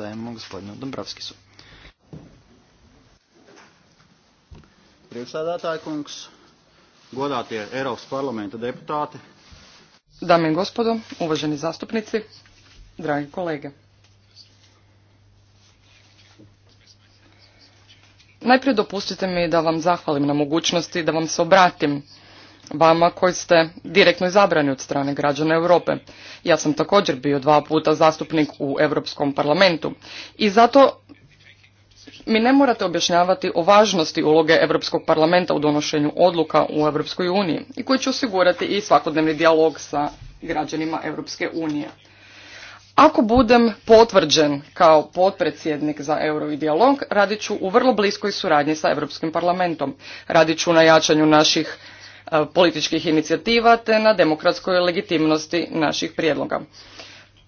dajemo gospodinu Dombrovskisu. Priekšsēdētāji kungs, je Eros parlamenta deputate. Dame i gospodo, uvaženi zastupnici, dragi kolege. Najprije dopustite mi da vam zahvalim na mogućnosti da vam se obratim vama koji ste direktno izabrani od strane građana Europe. Ja sam također bio dva puta zastupnik u Europskom parlamentu i zato mi ne morate objašnjavati o važnosti uloge Europskog parlamenta u donošenju odluka u Europskoj uniji i koji će osigurati i svakodnevni dijalog sa građanima Europske unije. Ako budem potvrđen kao potpredsjednik za euro i dijalog, radit ću u vrlo bliskoj suradnji sa Europskim parlamentom. Radit ću na jačanju naših E, političkih inicijativa te na demokratskoj legitimnosti naših prijedloga.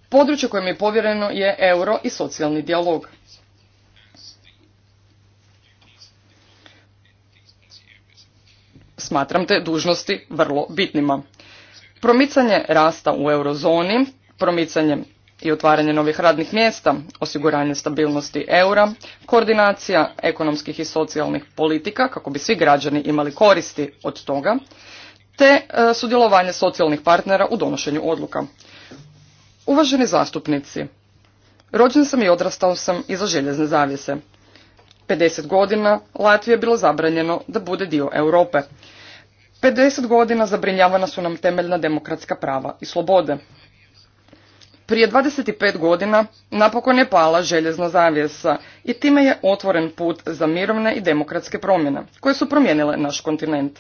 Područje kojem je povjereno je euro i socijalni dijalog. Smatram te dužnosti vrlo bitnima. Promicanje rasta u eurozoni, promicanje i otvaranje novih radnih mjesta, osiguranje stabilnosti eura, koordinacija ekonomskih i socijalnih politika kako bi svi građani imali koristi od toga, te e, sudjelovanje socijalnih partnera u donošenju odluka. Uvaženi zastupnici, rođen sam i odrastao sam iza željezne zavise. 50 godina Latvije je bilo zabranjeno da bude dio Europe. 50 godina zabrinjavana su nam temeljna demokratska prava i slobode. Prije 25 godina napokon je pala željezna zavijesa i time je otvoren put za mirovne i demokratske promjene koje su promijenile naš kontinent.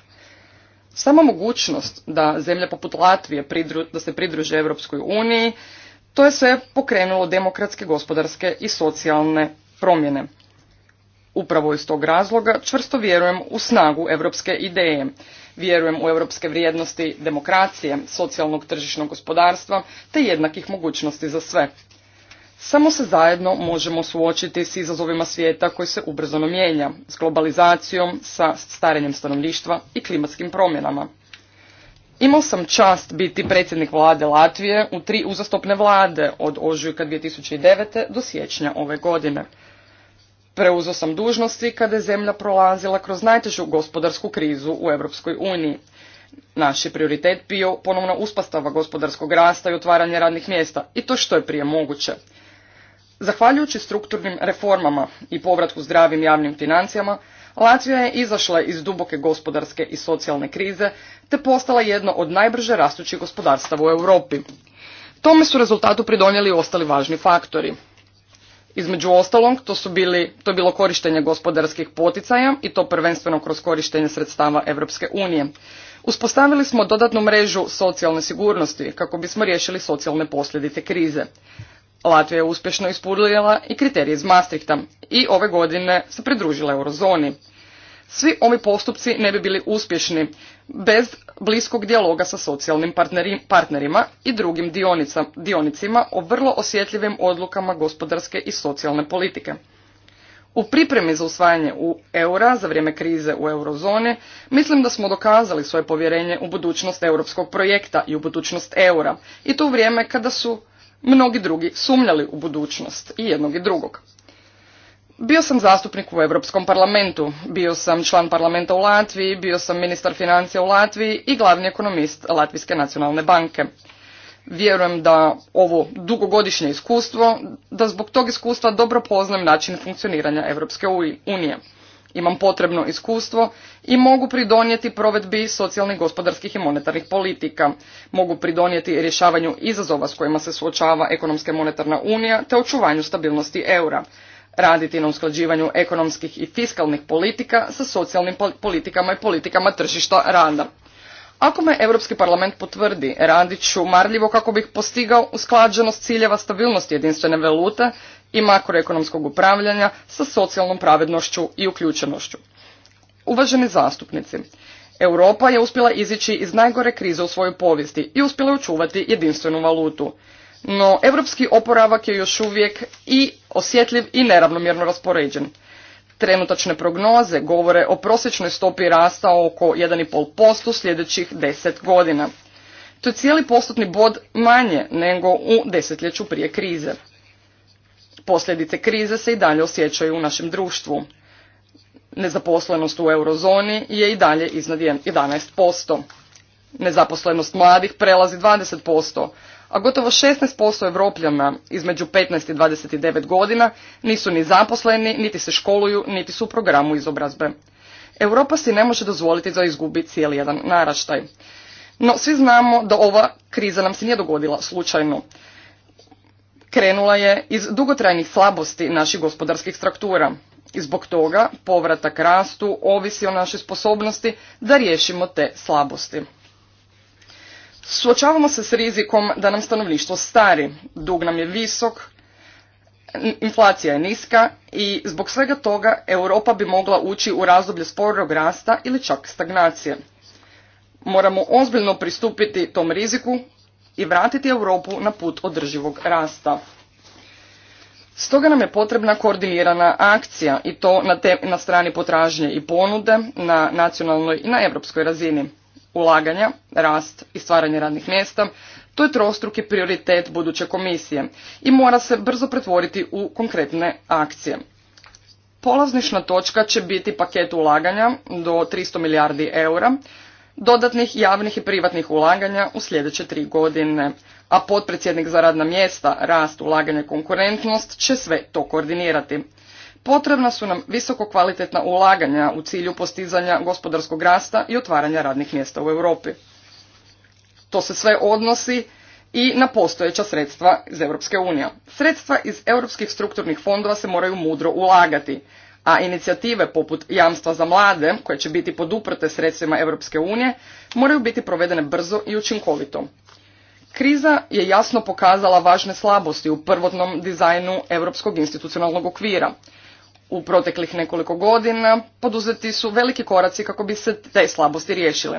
Samo mogućnost da zemlje poput Latvije da se pridruže Europskoj uniji, to je sve pokrenulo demokratske, gospodarske i socijalne promjene. Upravo iz tog razloga čvrsto vjerujem u snagu europske ideje. Vjerujem u europske vrijednosti demokracije, socijalnog tržišnog gospodarstva te jednakih mogućnosti za sve. Samo se zajedno možemo suočiti s izazovima svijeta koji se ubrzano mijenja, s globalizacijom, sa starenjem stanovništva i klimatskim promjenama. Imao sam čast biti predsjednik vlade Latvije u tri uzastopne vlade od ožujka 2009. do siječnja ove godine. Preuzeo sam dužnosti kada je zemlja prolazila kroz najtežu gospodarsku krizu u Europskoj uniji. Naš je prioritet bio ponovna uspostava gospodarskog rasta i otvaranje radnih mjesta, i to što je prije moguće. Zahvaljujući strukturnim reformama i povratku zdravim javnim financijama, Latvija je izašla iz duboke gospodarske i socijalne krize te postala jedno od najbrže rastućih gospodarstava u Europi. Tome su rezultatu pridonijeli ostali važni faktori. Između ostalog, to, su bili, to je bilo korištenje gospodarskih poticaja i to prvenstveno kroz korištenje sredstava Europske unije. Uspostavili smo dodatnu mrežu socijalne sigurnosti kako bismo riješili socijalne posljedice krize. Latvija je uspješno ispunila i kriterije iz Maastrichta i ove godine se pridružila eurozoni. Svi ovi postupci ne bi bili uspješni bez bliskog dijaloga sa socijalnim partnerima i drugim dionicima o vrlo osjetljivim odlukama gospodarske i socijalne politike. U pripremi za usvajanje u eura za vrijeme krize u eurozoni mislim da smo dokazali svoje povjerenje u budućnost europskog projekta i u budućnost eura i to u vrijeme kada su mnogi drugi sumnjali u budućnost i jednog i drugog bio sam zastupnik u Europskom parlamentu, bio sam član parlamenta u Latviji, bio sam ministar financija u Latviji i glavni ekonomist Latvijske nacionalne banke. Vjerujem da ovo dugogodišnje iskustvo, da zbog tog iskustva dobro poznam način funkcioniranja Europske unije. Imam potrebno iskustvo i mogu pridonijeti provedbi socijalnih, gospodarskih i monetarnih politika. Mogu pridonijeti rješavanju izazova s kojima se suočava ekonomska monetarna unija te očuvanju stabilnosti eura raditi na usklađivanju ekonomskih i fiskalnih politika sa socijalnim politikama i politikama tržišta rada. Ako me Europski parlament potvrdi, radit ću marljivo kako bih postigao usklađenost ciljeva stabilnosti jedinstvene valute i makroekonomskog upravljanja sa socijalnom pravednošću i uključenošću. Uvaženi zastupnici, Europa je uspjela izići iz najgore krize u svojoj povijesti i uspjela očuvati jedinstvenu valutu no europski oporavak je još uvijek i osjetljiv i neravnomjerno raspoređen. Trenutačne prognoze govore o prosječnoj stopi rasta oko 1,5% sljedećih 10 godina. To je cijeli postotni bod manje nego u desetljeću prije krize. Posljedice krize se i dalje osjećaju u našem društvu. Nezaposlenost u eurozoni je i dalje iznad 11%. Nezaposlenost mladih prelazi 20%, a gotovo 16% Evropljana između 15 i 29 godina nisu ni zaposleni, niti se školuju, niti su u programu izobrazbe. Europa si ne može dozvoliti da izgubi cijeli jedan naraštaj. No, svi znamo da ova kriza nam se nije dogodila slučajno. Krenula je iz dugotrajnih slabosti naših gospodarskih struktura. I zbog toga povratak rastu ovisi o našoj sposobnosti da riješimo te slabosti. Suočavamo se s rizikom da nam stanovništvo stari, dug nam je visok, inflacija je niska i zbog svega toga Europa bi mogla ući u razdoblje sporog rasta ili čak stagnacije. Moramo ozbiljno pristupiti tom riziku i vratiti Europu na put održivog rasta. Stoga nam je potrebna koordinirana akcija i to na, na strani potražnje i ponude na nacionalnoj i na europskoj razini ulaganja, rast i stvaranje radnih mjesta, to je trostruki prioritet buduće komisije i mora se brzo pretvoriti u konkretne akcije. Polaznišna točka će biti paket ulaganja do 300 milijardi eura, dodatnih javnih i privatnih ulaganja u sljedeće tri godine, a potpredsjednik za radna mjesta, rast, ulaganje, konkurentnost će sve to koordinirati. Potrebna su nam visoko kvalitetna ulaganja u cilju postizanja gospodarskog rasta i otvaranja radnih mjesta u Europi. To se sve odnosi i na postojeća sredstva iz Europske unije. Sredstva iz europskih strukturnih fondova se moraju mudro ulagati, a inicijative poput jamstva za mlade, koje će biti poduprte sredstvima Europske unije, moraju biti provedene brzo i učinkovito. Kriza je jasno pokazala važne slabosti u prvotnom dizajnu europskog institucionalnog okvira – u proteklih nekoliko godina poduzeti su veliki koraci kako bi se te slabosti riješile.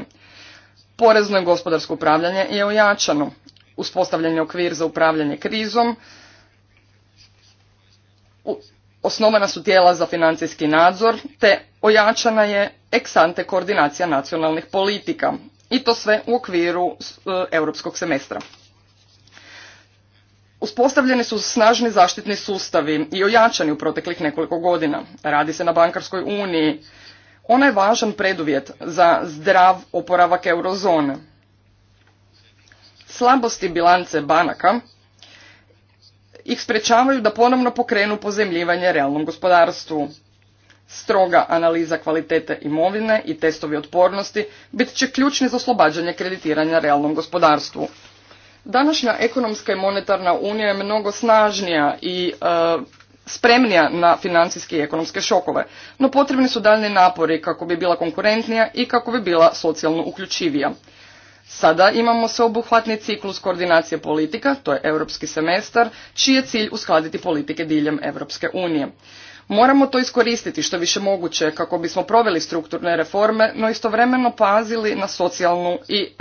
Porezno i gospodarsko upravljanje je ojačano. Uspostavljen je okvir za upravljanje krizom. Osnovana su tijela za financijski nadzor te ojačana je eksante koordinacija nacionalnih politika i to sve u okviru e, europskog semestra. Uspostavljeni su snažni zaštitni sustavi i ojačani u proteklih nekoliko godina. Radi se na bankarskoj uniji. Ona je važan preduvjet za zdrav oporavak eurozone. Slabosti bilance banaka ih sprečavaju da ponovno pokrenu pozemljivanje realnom gospodarstvu. Stroga analiza kvalitete imovine i testovi otpornosti bit će ključni za oslobađanje kreditiranja realnom gospodarstvu. Današnja ekonomska i monetarna unija je mnogo snažnija i e, spremnija na financijske i ekonomske šokove, no potrebni su daljni napori kako bi bila konkurentnija i kako bi bila socijalno uključivija. Sada imamo sveobuhvatni ciklus koordinacije politika, to je europski semestar, čiji je cilj uskladiti politike diljem Europske unije. Moramo to iskoristiti što više moguće kako bismo proveli strukturne reforme, no istovremeno pazili na socijalnu i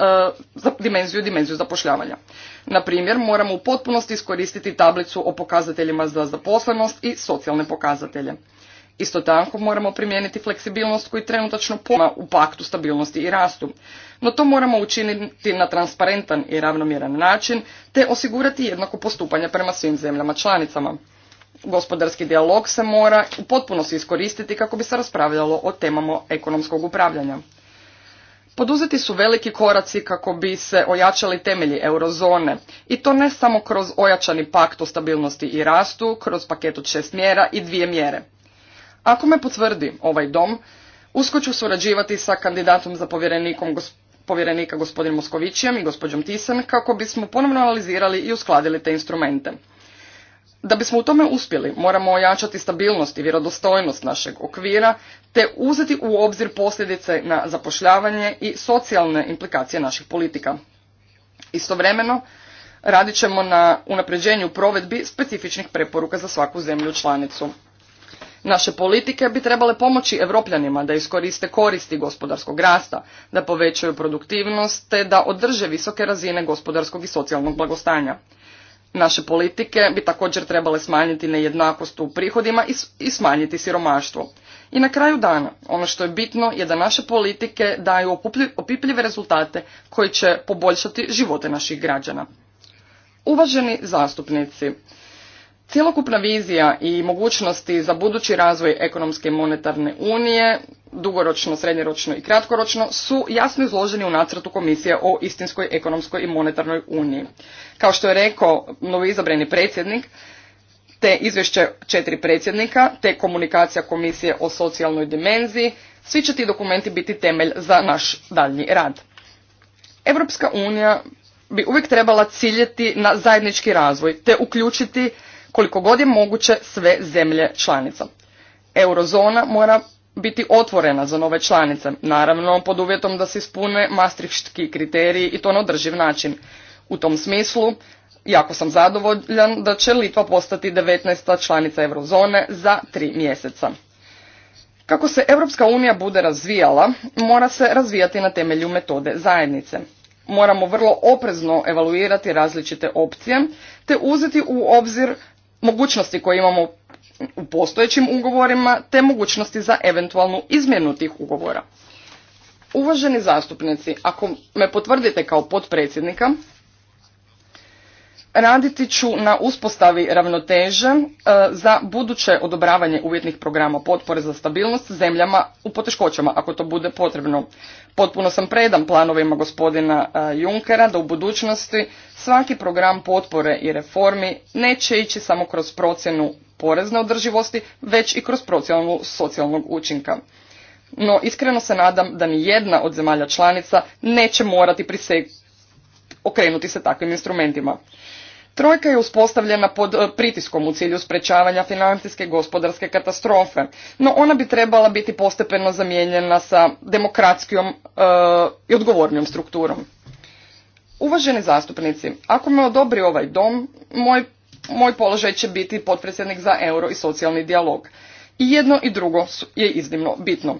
e, dimenziju i dimenziju zapošljavanja. Na primjer, moramo u potpunosti iskoristiti tablicu o pokazateljima za zaposlenost i socijalne pokazatelje. Isto tako moramo primijeniti fleksibilnost koji trenutačno poma u paktu stabilnosti i rastu, no to moramo učiniti na transparentan i ravnomjeran način te osigurati jednako postupanje prema svim zemljama članicama. Gospodarski dijalog se mora u potpunosti iskoristiti kako bi se raspravljalo o temama ekonomskog upravljanja. Poduzeti su veliki koraci kako bi se ojačali temelji eurozone i to ne samo kroz ojačani pakt o stabilnosti i rastu, kroz paket od šest mjera i dvije mjere. Ako me potvrdi ovaj dom, usko ću surađivati sa kandidatom za povjerenikom povjerenika gospodin Moskovićijem i gospođom Tisen kako bismo ponovno analizirali i uskladili te instrumente. Da bismo u tome uspjeli, moramo ojačati stabilnost i vjerodostojnost našeg okvira, te uzeti u obzir posljedice na zapošljavanje i socijalne implikacije naših politika. Istovremeno, radit ćemo na unapređenju provedbi specifičnih preporuka za svaku zemlju članicu. Naše politike bi trebale pomoći evropljanima da iskoriste koristi gospodarskog rasta, da povećaju produktivnost te da održe visoke razine gospodarskog i socijalnog blagostanja. Naše politike bi također trebale smanjiti nejednakost u prihodima i smanjiti siromaštvo. I na kraju dana, ono što je bitno je da naše politike daju opipljive rezultate koji će poboljšati živote naših građana. Uvaženi zastupnici, cjelokupna vizija i mogućnosti za budući razvoj ekonomske i monetarne unije dugoročno, srednjeročno i kratkoročno, su jasno izloženi u nacrtu Komisije o istinskoj ekonomskoj i monetarnoj uniji. Kao što je rekao novoizabrani predsjednik, te izvješće četiri predsjednika, te komunikacija Komisije o socijalnoj dimenziji, svi će ti dokumenti biti temelj za naš daljnji rad. Europska unija bi uvijek trebala ciljeti na zajednički razvoj, te uključiti koliko god je moguće sve zemlje članica. Eurozona mora biti otvorena za nove članice, naravno pod uvjetom da se ispune mastrištki kriteriji i to na održiv način. U tom smislu, jako sam zadovoljan da će Litva postati 19. članica eurozone za tri mjeseca. Kako se Europska unija bude razvijala, mora se razvijati na temelju metode zajednice. Moramo vrlo oprezno evaluirati različite opcije, te uzeti u obzir mogućnosti koje imamo u postojećim ugovorima te mogućnosti za eventualnu izmjenu tih ugovora. Uvaženi zastupnici, ako me potvrdite kao potpredsjednika, raditi ću na uspostavi ravnoteže e, za buduće odobravanje uvjetnih programa potpore za stabilnost zemljama u poteškoćama, ako to bude potrebno. Potpuno sam predan planovima gospodina e, Junkera da u budućnosti svaki program potpore i reformi neće ići samo kroz procjenu porezne održivosti, već i kroz procjenu socijalnog učinka. No, iskreno se nadam da ni jedna od zemalja članica neće morati priseg... okrenuti se takvim instrumentima. Trojka je uspostavljena pod eh, pritiskom u cilju sprečavanja financijske gospodarske katastrofe, no ona bi trebala biti postepeno zamijenjena sa demokratskijom eh, i odgovornijom strukturom. Uvaženi zastupnici, ako me odobri ovaj dom, moj moj položaj će biti potpredsjednik za euro i socijalni dijalog. I jedno i drugo je iznimno bitno.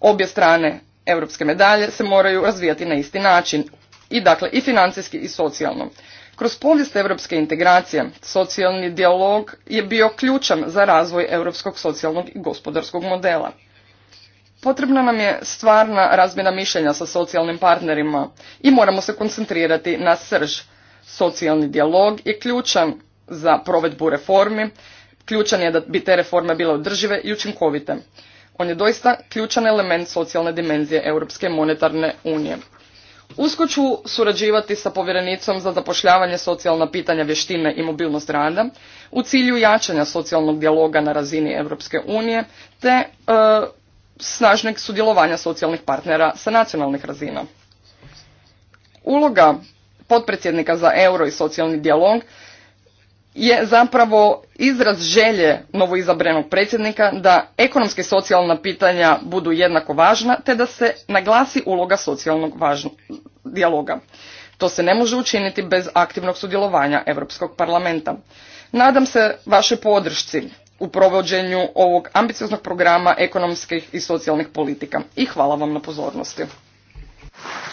Obje strane europske medalje se moraju razvijati na isti način, i dakle i financijski i socijalno. Kroz povijest europske integracije socijalni dijalog je bio ključan za razvoj europskog socijalnog i gospodarskog modela. Potrebna nam je stvarna razmjena mišljenja sa socijalnim partnerima i moramo se koncentrirati na srž. Socijalni dijalog je ključan za provedbu reformi. Ključan je da bi te reforme bile održive i učinkovite. On je doista ključan element socijalne dimenzije Europske monetarne unije. Usko ću surađivati sa povjerenicom za zapošljavanje socijalna pitanja vještine i mobilnost rada u cilju jačanja socijalnog dijaloga na razini Europske unije te e, snažnog sudjelovanja socijalnih partnera sa nacionalnih razina. Uloga potpredsjednika za euro i socijalni dijalog je zapravo izraz želje novoizabranog predsjednika da ekonomska i socijalna pitanja budu jednako važna te da se naglasi uloga socijalnog dijaloga. To se ne može učiniti bez aktivnog sudjelovanja Europskog parlamenta. Nadam se vašoj podršci u provođenju ovog ambicioznog programa ekonomskih i socijalnih politika i hvala vam na pozornosti.